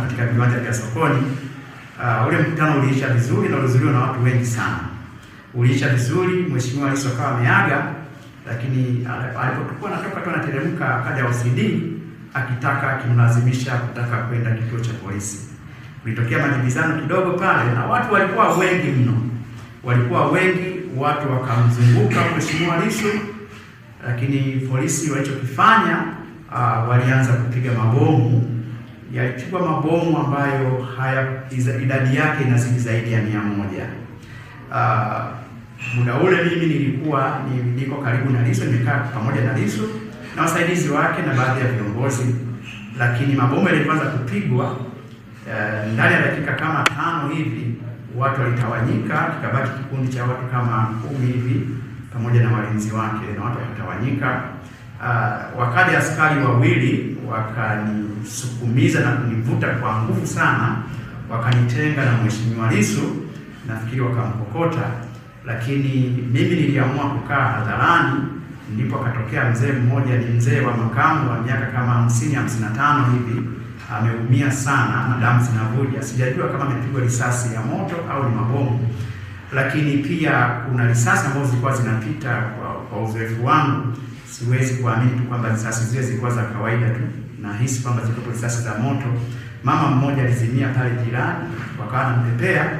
katika viwanja vya sokoni. Uh, ule mkutano uliisha vizuri na ulihudhuriwa na watu wengi sana, uliisha vizuri. Mheshimiwa Lissu akawa ameaga, lakini alipokuwa anatoka tu anateremka, akaja OCD akitaka akimlazimisha kutaka kwenda kituo cha polisi. Kulitokea majibizano kidogo pale, na watu walikuwa wengi mno, walikuwa wengi, watu wakamzunguka Mheshimiwa Lissu, lakini polisi walichokifanya, uh, walianza kupiga mabomu yalichukua mabomu ambayo haya idadi yake inazidi zaidi ya mia moja. Uh, muda ule mimi nilikuwa ni, niko karibu na Lissu, nimekaa pamoja na Lissu na wasaidizi wake na baadhi ya viongozi, lakini mabomu yalianza kupigwa uh, ndani ya dakika kama tano hivi watu walitawanyika, kikabaki kikundi cha watu kama kumi hivi pamoja na walinzi wake na watu walitawanyika. Uh, ah, wakaja askari wawili wakanisukumiza na kunivuta kwa nguvu sana, wakanitenga na Mheshimiwa Lissu, nafikiri wakamkokota, lakini mimi niliamua kukaa hadharani. Ndipo akatokea mzee mmoja, ni mzee wa makamu wa miaka kama hamsini hamsini na tano hivi, ameumia sana na damu zinavuja. Sijajua kama amepigwa risasi ya moto au ni mabomu, lakini pia kuna risasi ambazo zilikuwa zinapita kwa, kwa uzoefu wangu Siwezi kuamini tu kwamba risasi zile zilikuwa za kawaida tu, nahisi kwamba zilikuwa risasi za moto. Mama mmoja alizimia pale jirani, wakawa anampepea,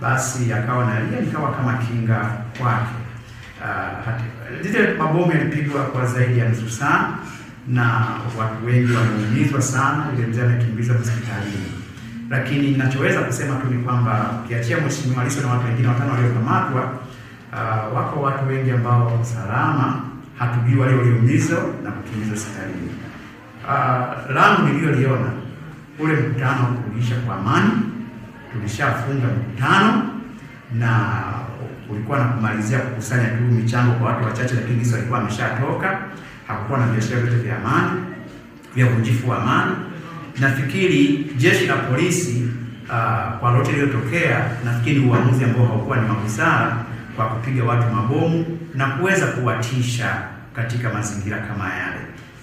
basi akawa nalia, nikawa kama kinga kwake. Uh, ah, zile mabomu yalipigwa kwa zaidi ya nusu saa na watu wengi wameumizwa sana. Ile mzee amekimbizwa hospitalini, lakini ninachoweza kusema tu ni kwamba ukiachia mheshimiwa Lissu na watu wengine watano waliokamatwa, uh, wako watu wengi ambao wako salama hatujui wale walioumizwa na kutumizwa serikalini. Uh, langu niliyoliona ule mkutano uliisha kwa amani, tulishafunga mkutano na ulikuwa na kumalizia kukusanya tu michango kwa watu wachache, lakini hizo alikuwa ameshatoka. Hakukuwa na viashiria vyote vya amani vya uvunjifu wa amani. Nafikiri jeshi la polisi uh, kwa lote iliyotokea, nafikiri uamuzi ambao haukuwa ni mabusara kwa kupiga watu mabomu na kuweza kuwatisha katika mazingira kama yale.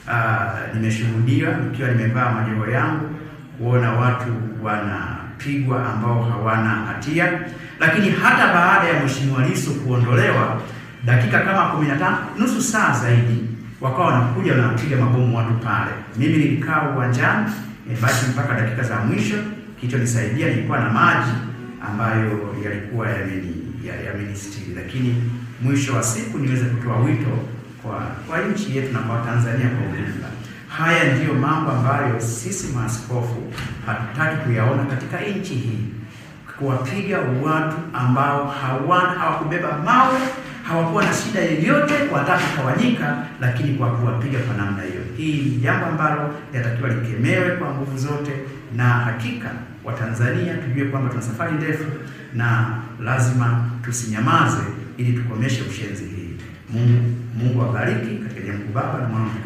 Uh, nimeshuhudia nikiwa nimevaa majoho yangu kuona watu wanapigwa ambao hawana hatia, lakini hata baada ya Mheshimiwa Lissu kuondolewa, dakika kama 15 nusu saa zaidi, wakawa wanakuja wanapiga mabomu watu pale. Mimi nilikaa uwanjani, basi mpaka dakika za mwisho, kilichonisaidia nilikuwa na maji ambayo yalikuwa yamenii ya, ya ministry, lakini mwisho wa siku niweze kutoa wito kwa kwa nchi yetu na kwa Tanzania kwa ujumla. Haya ndiyo mambo ambayo sisi maaskofu hatutaki kuyaona katika nchi hii, kuwapiga watu ambao hawana hawakubeba mawe hawakuwa na shida yoyote kawanyika, lakini kwa kuwapiga kwa namna hiyo. Hii ni jambo ambalo linatakiwa likemewe kwa nguvu zote, na hakika Watanzania tujue kwamba tuna safari ndefu na lazima tusinyamaze ili tukomeshe ushenzi hii. Mungu Mungu awabariki katika jina la Baba na Mwana